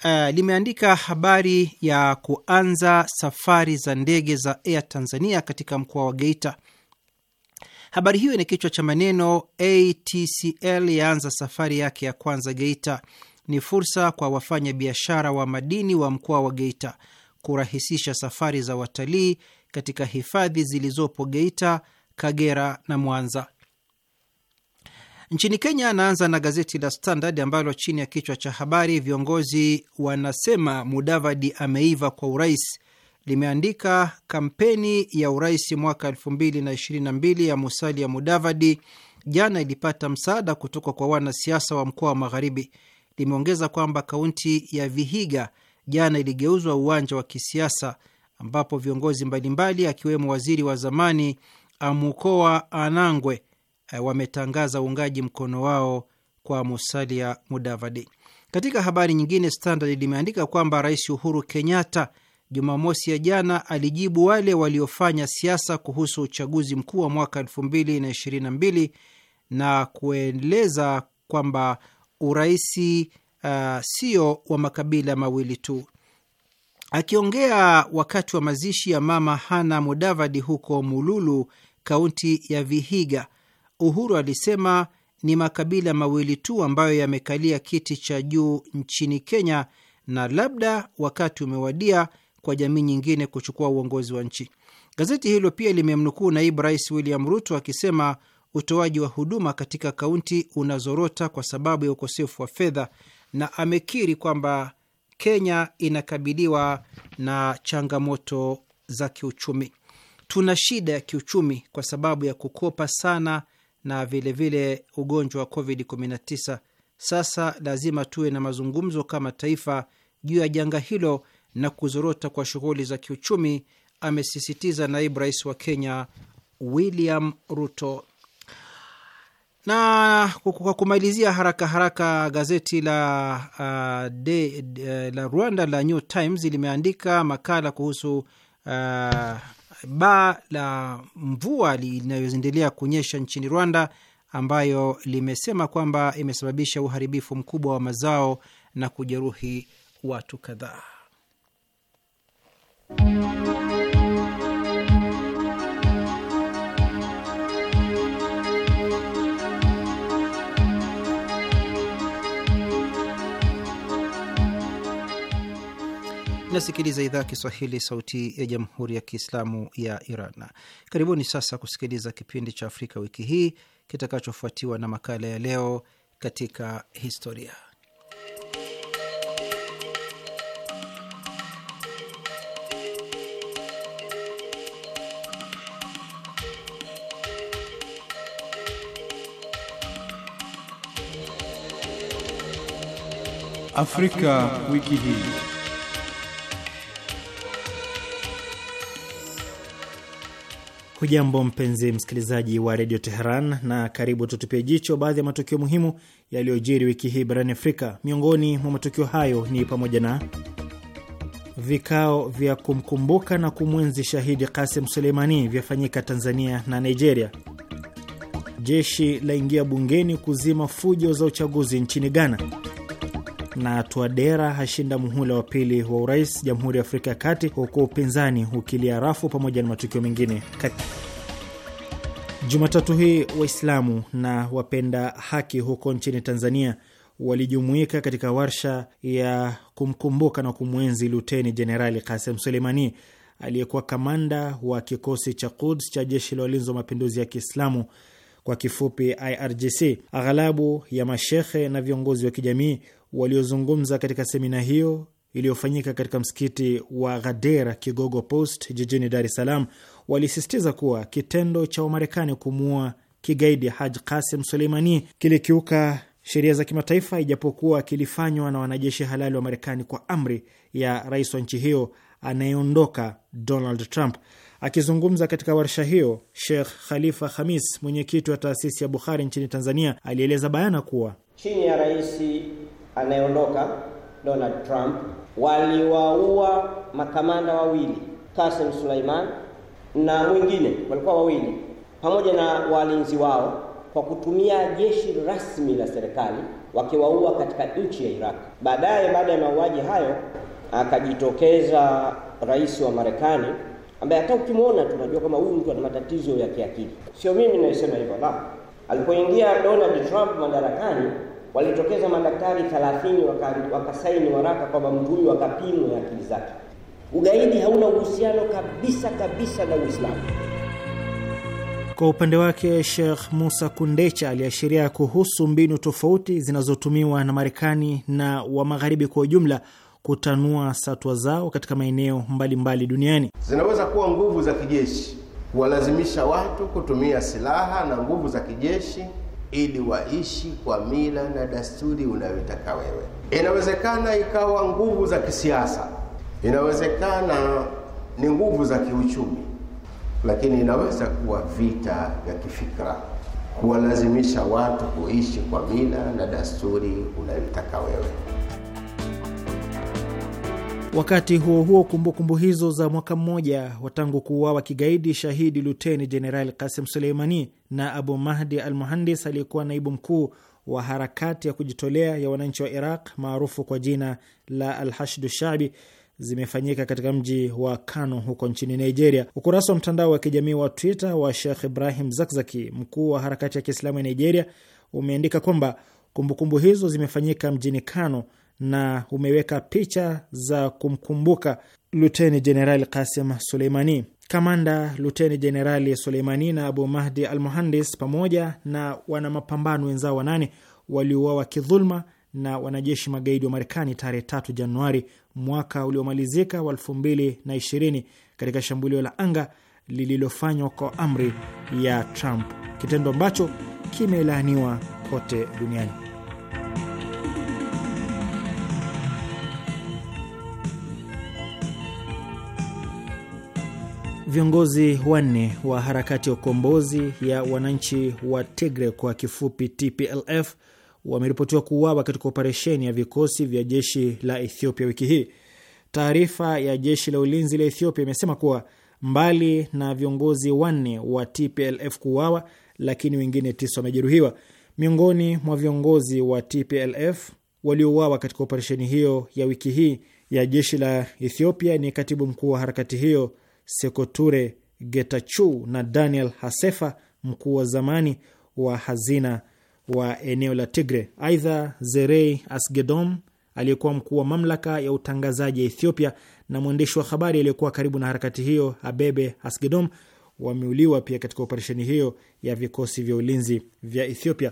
Uh, limeandika habari ya kuanza safari za ndege za Air Tanzania katika mkoa wa Geita. Habari hiyo ina kichwa cha maneno ATCL yaanza safari yake ya kwanza Geita, ni fursa kwa wafanya biashara wa madini wa mkoa wa Geita kurahisisha safari za watalii katika hifadhi zilizopo Geita, Kagera na Mwanza. Nchini Kenya, anaanza na gazeti la Standard ambalo chini ya kichwa cha habari viongozi wanasema Mudavadi ameiva kwa urais, limeandika kampeni ya urais mwaka 2022 ya Musalia Mudavadi jana ilipata msaada kutoka kwa wanasiasa wa mkoa wa Magharibi. Limeongeza kwamba kaunti ya Vihiga jana iligeuzwa uwanja wa kisiasa ambapo viongozi mbalimbali akiwemo waziri wa zamani Amukoa Anangwe eh, wametangaza uungaji mkono wao kwa Musalia Mudavadi. Katika habari nyingine, Standard limeandika kwamba Rais Uhuru Kenyatta Jumamosi ya jana alijibu wale waliofanya siasa kuhusu uchaguzi mkuu wa mwaka 2022 na kueleza kwamba uraisi uh, sio wa makabila mawili tu. Akiongea wakati wa mazishi ya mama Hana Mudavadi huko Mululu, kaunti ya Vihiga, Uhuru alisema ni makabila mawili tu ambayo yamekalia kiti cha juu nchini Kenya, na labda wakati umewadia kwa jamii nyingine kuchukua uongozi wa nchi. Gazeti hilo pia limemnukuu naibu rais William Ruto akisema utoaji wa huduma katika kaunti unazorota kwa sababu ya ukosefu wa fedha, na amekiri kwamba Kenya inakabiliwa na changamoto za kiuchumi. Tuna shida ya kiuchumi kwa sababu ya kukopa sana na vilevile vile ugonjwa wa COVID-19. Sasa lazima tuwe na mazungumzo kama taifa juu ya janga hilo na kuzorota kwa shughuli za kiuchumi, amesisitiza naibu rais wa Kenya William Ruto. Na kwa kumalizia haraka haraka, gazeti la, uh, de, de, uh, la Rwanda la New Times limeandika makala kuhusu uh, baa la mvua linayoendelea kunyesha nchini Rwanda ambayo limesema kwamba imesababisha uharibifu mkubwa wa mazao na kujeruhi watu kadhaa. Nasikiliza idhaa Kiswahili sauti ya jamhuri ya kiislamu ya Iran. Karibuni sasa kusikiliza kipindi cha Afrika wiki hii kitakachofuatiwa na makala ya leo katika historia. Afrika wiki hii.
Hujambo mpenzi msikilizaji wa redio Teheran na karibu tutupie jicho baadhi ya matukio muhimu yaliyojiri wiki hii barani Afrika. Miongoni mwa matukio hayo ni pamoja na vikao vya kumkumbuka na kumwenzi shahidi Kasim Suleimani vyafanyika Tanzania na Nigeria. Jeshi laingia bungeni kuzima fujo za uchaguzi nchini Ghana na Tuadera hashinda muhula wa pili wa urais Jamhuri ya Afrika ya Kati, huku upinzani ukilia rafu, pamoja na matukio mengine. Jumatatu hii Waislamu na wapenda haki huko nchini Tanzania walijumuika katika warsha ya kumkumbuka na kumwenzi Luteni Jenerali Kasem Suleimani aliyekuwa kamanda wa kikosi cha Quds cha jeshi la walinzi wa mapinduzi ya Kiislamu kwa kifupi IRGC. Aghalabu ya mashehe na viongozi wa kijamii waliozungumza katika semina hiyo iliyofanyika katika msikiti wa Ghadera Kigogo Post jijini Dar es Salaam walisisitiza kuwa kitendo cha Wamarekani kumuua kigaidi Haj Qasim Suleimani kilikiuka sheria za kimataifa, ijapokuwa kilifanywa na wanajeshi halali wa Marekani kwa amri ya rais wa nchi hiyo anayeondoka Donald Trump. Akizungumza katika warsha hiyo, Sheikh Khalifa Khamis, mwenyekiti wa taasisi ya Bukhari nchini Tanzania, alieleza bayana kuwa
chini ya raisi anayeondoka Donald Trump waliwaua makamanda wawili, kasem Suleiman na mwingine, walikuwa wawili pamoja na walinzi wao kwa kutumia jeshi rasmi la serikali wakiwaua katika nchi ya Iraq. Baadaye, baada ya mauaji hayo, akajitokeza rais wa Marekani ambaye hata ukimwona tunajua kama huyu mtu ana matatizo ya kiakili. Sio mimi naisema hivyo, la. Alipoingia Donald Trump madarakani walitokeza madaktari 30 wakasaini waraka kwamba mtu huyu ya akili zake. Ugaidi hauna
uhusiano kabisa kabisa na Uislamu.
Kwa upande wake, Sheikh Musa Kundecha aliashiria kuhusu mbinu tofauti zinazotumiwa na Marekani na wa Magharibi kwa ujumla kutanua satwa zao katika maeneo mbalimbali duniani.
Zinaweza kuwa nguvu za kijeshi, kuwalazimisha watu kutumia silaha na nguvu za kijeshi ili waishi kwa mila na dasturi unayotaka wewe. Inawezekana ikawa nguvu za kisiasa, inawezekana ni nguvu za kiuchumi, lakini inaweza kuwa vita vya kifikra, kuwalazimisha watu kuishi kwa mila na dasturi unayotaka wewe.
Wakati huo huo, kumbukumbu hizo za mwaka mmoja wa tangu kuuawa kigaidi shahidi luteni jenerali Kasim Suleimani na Abu Mahdi al Muhandis aliyekuwa naibu mkuu wa harakati ya kujitolea ya wananchi wa Iraq maarufu kwa jina la Alhashdu Shabi zimefanyika katika mji wa Kano huko nchini Nigeria. Ukurasa wa mtandao wa kijamii wa Twitter wa Shekh Ibrahim Zakzaki, mkuu wa harakati ya Kiislamu ya Nigeria, umeandika kwamba kumbukumbu hizo zimefanyika mjini Kano na umeweka picha za kumkumbuka Luteni Jenerali Kasim Suleimani. Kamanda Luteni Jenerali Suleimani na Abu Mahdi al Muhandis pamoja na wanamapambano wenzao wanane waliuawa kidhulma na wanajeshi magaidi wa Marekani tarehe 3 Januari mwaka uliomalizika wa ishirini katika shambulio la anga lililofanywa kwa amri ya Trump, kitendo ambacho kimelaaniwa kote duniani. Viongozi wanne wa harakati ya ukombozi ya wananchi wa Tigre kwa kifupi TPLF wameripotiwa kuuawa katika operesheni ya vikosi vya jeshi la Ethiopia wiki hii. Taarifa ya jeshi la ulinzi la Ethiopia imesema kuwa mbali na viongozi wanne wa TPLF kuuawa, lakini wengine tisa wamejeruhiwa. Miongoni mwa viongozi wa TPLF waliouawa katika operesheni hiyo ya wiki hii ya jeshi la Ethiopia ni katibu mkuu wa harakati hiyo Sekoture getachu na Daniel Hasefa, mkuu wa zamani wa hazina wa eneo la Tigre. Aidha, Zerei Asgedom aliyekuwa mkuu wa mamlaka ya utangazaji ya Ethiopia na mwandishi wa habari aliyekuwa karibu na harakati hiyo Abebe Asgedom wameuliwa pia katika operesheni hiyo ya vikosi vya ulinzi vya Ethiopia.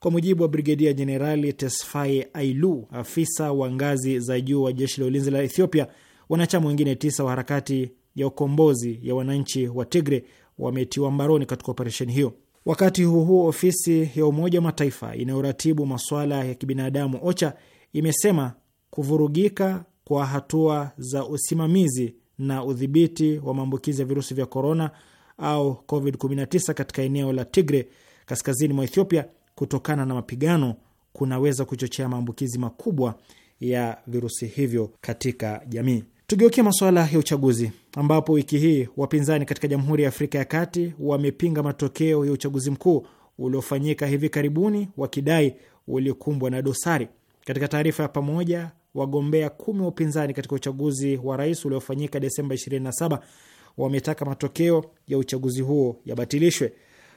Kwa mujibu wa Brigedia Jenerali Tesfaye Ailu, afisa wa ngazi za juu wa jeshi la ulinzi la Ethiopia, wanachama wengine tisa wa harakati ya ukombozi ya wananchi wa Tigre wametiwa mbaroni katika operesheni hiyo. Wakati huo huo, ofisi ya Umoja wa Mataifa inayoratibu masuala ya kibinadamu OCHA imesema kuvurugika kwa hatua za usimamizi na udhibiti wa maambukizi ya virusi vya korona au COVID-19 katika eneo la Tigre kaskazini mwa Ethiopia kutokana na mapigano kunaweza kuchochea maambukizi makubwa ya virusi hivyo katika jamii. Tugeukie masuala ya uchaguzi ambapo wiki hii wapinzani katika Jamhuri ya Afrika ya Kati wamepinga matokeo ya uchaguzi mkuu uliofanyika hivi karibuni wakidai ulikumbwa na dosari. Katika taarifa ya pamoja, wagombea kumi wa upinzani katika uchaguzi wa rais uliofanyika Desemba 27 wametaka matokeo ya uchaguzi huo yabatilishwe.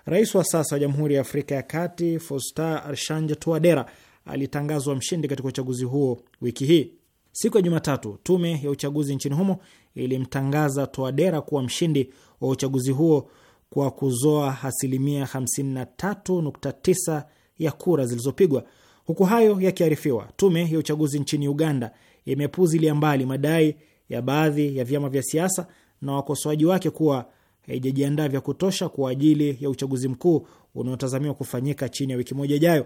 Rais wa sasa wa Jamhuri ya Afrika ya Kati Faustin Archange Touadera alitangazwa mshindi katika uchaguzi huo wiki hii. Siku ya Jumatatu, tume ya uchaguzi nchini humo ilimtangaza Toadera kuwa mshindi wa uchaguzi huo kwa kuzoa asilimia 53.9 ya kura zilizopigwa. Huku hayo yakiarifiwa, tume ya uchaguzi nchini Uganda imepuzilia mbali madai ya baadhi ya vyama vya siasa na wakosoaji wake kuwa haijajiandaa vya kutosha kwa ajili ya uchaguzi mkuu unaotazamiwa kufanyika chini ya wiki moja ijayo.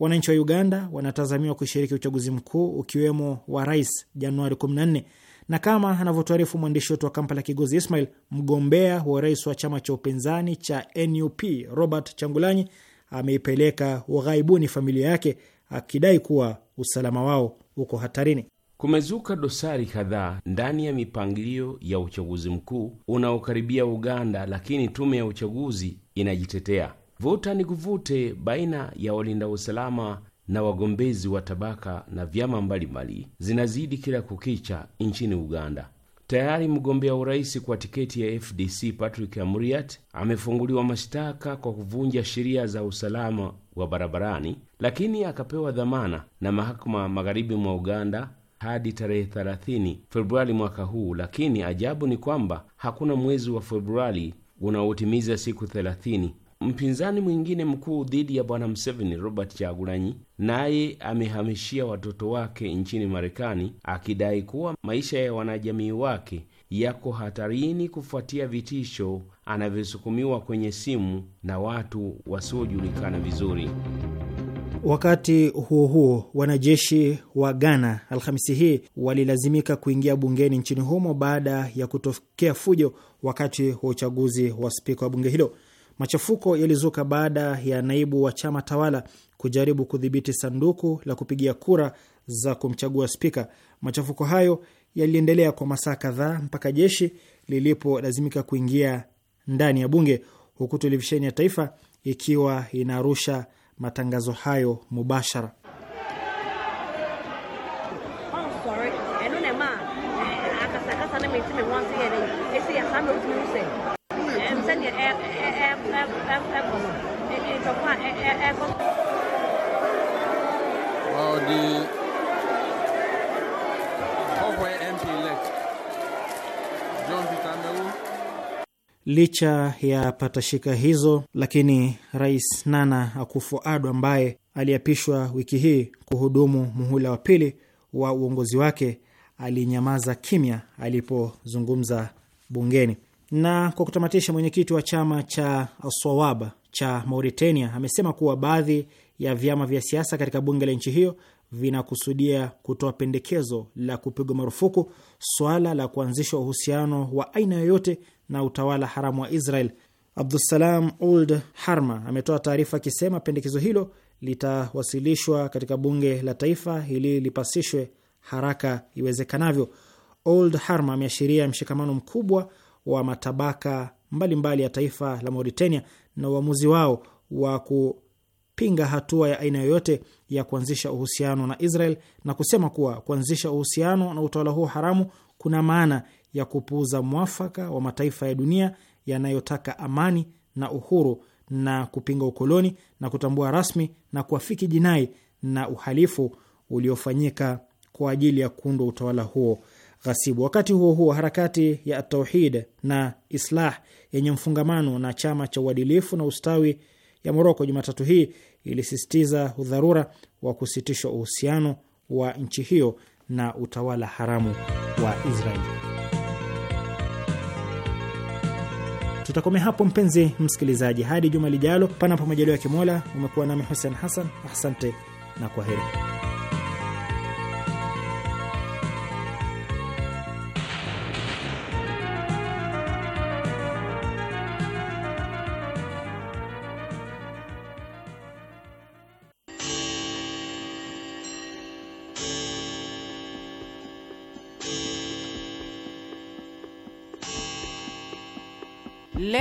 Wananchi wa Uganda wanatazamiwa kushiriki uchaguzi mkuu ukiwemo wa rais Januari 14, na kama anavyotuarifu mwandishi wetu wa Kampala Kigozi Ismail, mgombea wa rais wa chama cha upinzani cha NUP Robert Changulanyi ameipeleka ughaibuni familia yake akidai kuwa usalama wao uko hatarini.
Kumezuka dosari kadhaa ndani ya mipangilio ya uchaguzi mkuu unaokaribia Uganda, lakini tume ya uchaguzi inajitetea vuta ni kuvute baina ya walinda usalama na wagombezi wa tabaka na vyama mbalimbali zinazidi kila kukicha nchini Uganda. Tayari mgombea urais kwa tiketi ya FDC Patrick Amuriat amefunguliwa mashtaka kwa kuvunja sheria za usalama wa barabarani, lakini akapewa dhamana na mahakama magharibi mwa Uganda hadi tarehe 30 Februari mwaka huu. Lakini ajabu ni kwamba hakuna mwezi wa Februari unaotimiza siku 3eahi0 Mpinzani mwingine mkuu dhidi ya bwana Museveni, Robert Chagulanyi, naye amehamishia watoto wake nchini Marekani akidai kuwa maisha ya wanajamii wake yako hatarini kufuatia vitisho anavyosukumiwa kwenye simu na watu wasiojulikana vizuri.
Wakati huo huo, wanajeshi wa Ghana Alhamisi hii walilazimika kuingia bungeni nchini humo baada ya kutokea fujo wakati wa uchaguzi wa spika wa bunge hilo. Machafuko yalizuka baada ya naibu wa chama tawala kujaribu kudhibiti sanduku la kupigia kura za kumchagua spika. Machafuko hayo yaliendelea kwa masaa kadhaa mpaka jeshi lilipolazimika kuingia ndani ya bunge, huku televisheni ya taifa ikiwa inarusha matangazo hayo mubashara. Licha ya patashika hizo, lakini Rais Nana Akufo-Addo ambaye aliapishwa wiki hii kuhudumu muhula wa pili wa uongozi wake alinyamaza kimya alipozungumza bungeni. Na kwa kutamatisha, mwenyekiti wa chama cha Aswawaba cha Mauritania amesema kuwa baadhi ya vyama vya siasa katika bunge la nchi hiyo vinakusudia kutoa pendekezo la kupigwa marufuku swala la kuanzishwa uhusiano wa aina yoyote na utawala haramu wa Israel. Abdusalam Old Harma ametoa taarifa akisema pendekezo hilo litawasilishwa katika bunge la taifa ili lipasishwe haraka iwezekanavyo. Old Harma ameashiria mshikamano mkubwa wa matabaka mbalimbali mbali ya taifa la Mauritania na uamuzi wao wa kupinga hatua ya aina yoyote ya kuanzisha uhusiano na Israel na kusema kuwa kuanzisha uhusiano na utawala huo haramu kuna maana ya kupuuza mwafaka wa mataifa ya dunia yanayotaka amani na uhuru na kupinga ukoloni na kutambua rasmi na kuafiki jinai na uhalifu uliofanyika kwa ajili ya kuundwa utawala huo ghasibu. Wakati huo huo, harakati ya Tauhid na Islah yenye mfungamano na chama cha uadilifu na ustawi ya Moroko Jumatatu hii ilisisitiza udharura wa kusitishwa uhusiano wa nchi hiyo na utawala haramu wa Israeli. Tutakomea hapo mpenzi msikilizaji, hadi juma lijalo, panapo majaliwa ya Kimola. Umekuwa nami Hussein Hassan, asante na kwa heri.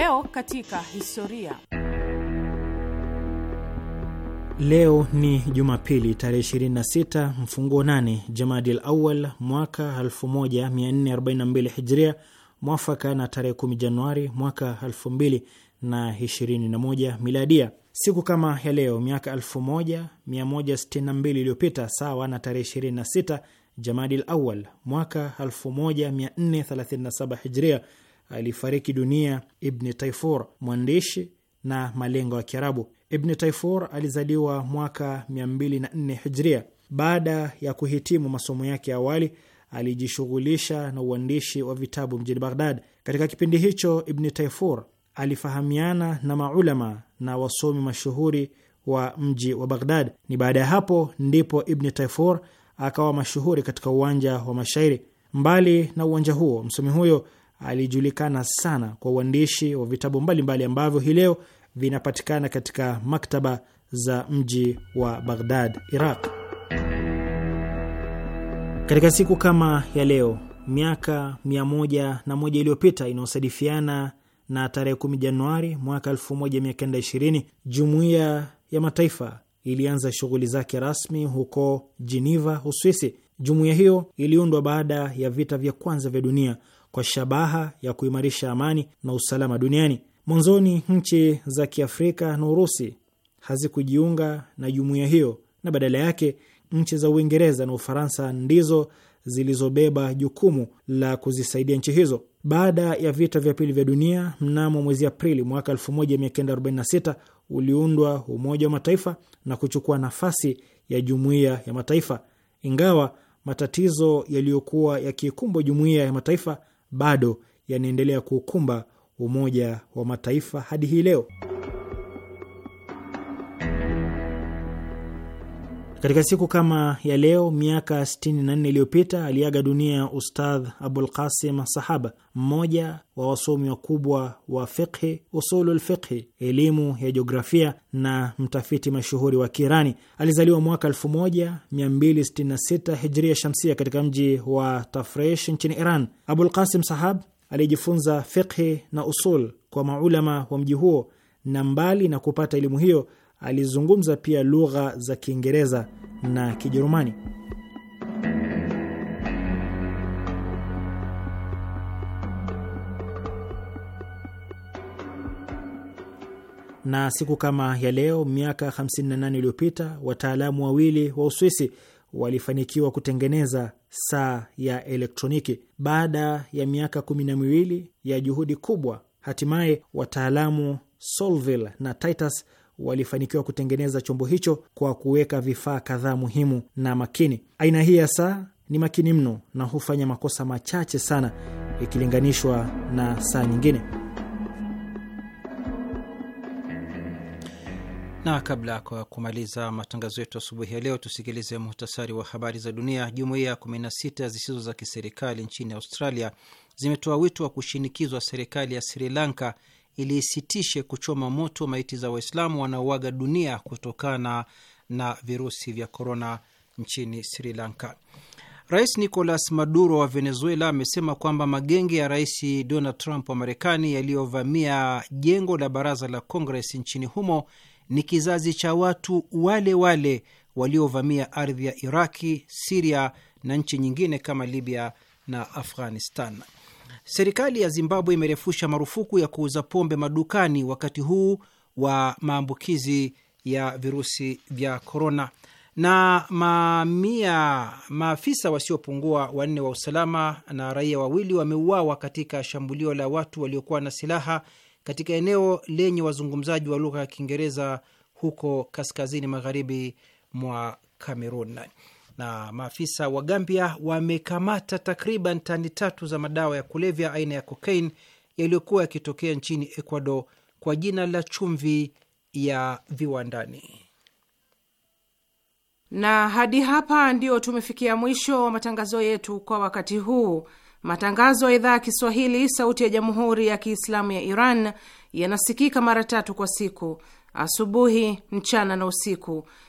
Leo katika historia.
Leo ni Jumapili tarehe 26 mfunguo 8 Jamadil Awal mwaka 1442 Hijria, mwafaka na tarehe 10 Januari mwaka 2021 Miladia. Siku kama ya leo miaka 1162 iliyopita, sawa na tarehe 26 Jamadil Awal mwaka 1437 Hijria, alifariki dunia Ibni Taifur, mwandishi na malengo ya Kiarabu. Ibni Taifur alizaliwa mwaka 204 Hijria. Baada ya kuhitimu masomo yake ya awali, alijishughulisha na uandishi wa vitabu mjini Baghdad. Katika kipindi hicho, Ibni Taifur alifahamiana na maulama na wasomi mashuhuri wa mji wa Baghdad. Ni baada ya hapo ndipo Ibni Taifur akawa mashuhuri katika uwanja wa mashairi. Mbali na uwanja huo, msomi huyo alijulikana sana kwa uandishi wa vitabu mbalimbali ambavyo hii leo vinapatikana katika maktaba za mji wa Baghdad, Iraq. Katika siku kama ya leo miaka mia moja na moja iliyopita inayosadifiana na tarehe 10 Januari mwaka 1920 jumuiya ya mataifa ilianza shughuli zake rasmi huko Geneva, Uswisi. Jumuiya hiyo iliundwa baada ya vita vya kwanza vya dunia kwa shabaha ya kuimarisha amani na usalama duniani. Mwanzoni nchi za Kiafrika na Urusi hazikujiunga na jumuiya hiyo, na badala yake nchi za Uingereza na Ufaransa ndizo zilizobeba jukumu la kuzisaidia nchi hizo. Baada ya vita vya pili vya dunia, mnamo mwezi Aprili mwaka 1946 uliundwa Umoja wa Mataifa na kuchukua nafasi ya Jumuiya ya Mataifa, ingawa matatizo yaliyokuwa yakiikumbwa Jumuiya ya Mataifa bado yanaendelea kuukumba Umoja wa Mataifa hadi hii leo. Katika siku kama ya leo miaka 64 iliyopita aliaga dunia Ustadh Abul Qasim Sahaba, mmoja wa wasomi wakubwa wa fiqhi, usulu lfiqhi, elimu ya jiografia na mtafiti mashuhuri wa Kiirani. Alizaliwa mwaka 1266 hijria shamsia katika mji wa Tafresh nchini Iran. Abul Qasim Sahab alijifunza fiqhi na usul kwa maulama wa mji huo, na mbali na kupata elimu hiyo alizungumza pia lugha za Kiingereza na Kijerumani. Na siku kama ya leo miaka 58 iliyopita wataalamu wawili wa Uswisi walifanikiwa kutengeneza saa ya elektroniki. Baada ya miaka kumi na miwili ya juhudi kubwa, hatimaye wataalamu Solville na Titus walifanikiwa kutengeneza chombo hicho kwa kuweka vifaa kadhaa muhimu na makini. Aina hii ya saa ni makini mno na hufanya makosa machache sana ikilinganishwa na saa nyingine.
Na kabla ya kumaliza matangazo yetu asubuhi ya leo, tusikilize muhtasari wa habari za dunia. Jumuiya 16 zisizo za kiserikali nchini Australia zimetoa wito wa kushinikizwa serikali ya Sri Lanka ili isitishe kuchoma moto maiti za Waislamu wanaoaga dunia kutokana na virusi vya korona nchini Sri Lanka. Rais Nicolas Maduro wa Venezuela amesema kwamba magenge ya Rais Donald Trump wa Marekani yaliyovamia jengo la baraza la Kongres nchini humo ni kizazi cha watu wale wale waliovamia ardhi ya Iraki, Siria na nchi nyingine kama Libya na Afghanistan. Serikali ya Zimbabwe imerefusha marufuku ya kuuza pombe madukani wakati huu wa maambukizi ya virusi vya korona. Na mamia maafisa wasiopungua wanne wa usalama na raia wawili wameuawa katika shambulio la watu waliokuwa na silaha katika eneo lenye wazungumzaji wa lugha ya Kiingereza huko kaskazini magharibi mwa Kamerun na maafisa wa Gambia wamekamata takriban tani tatu za madawa ya kulevya aina ya kokain yaliyokuwa yakitokea nchini Ecuador kwa jina la chumvi ya viwandani.
Na hadi hapa ndio tumefikia mwisho wa matangazo yetu kwa wakati huu. Matangazo ya idhaa ya Kiswahili sauti ya jamhuri ya Kiislamu ya Iran yanasikika mara tatu kwa siku: asubuhi, mchana na usiku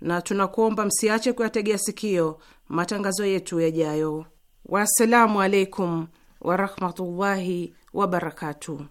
na tunakuomba msiache kuyategea sikio matangazo yetu yajayo. Wassalamu alaikum warahmatullahi wabarakatu.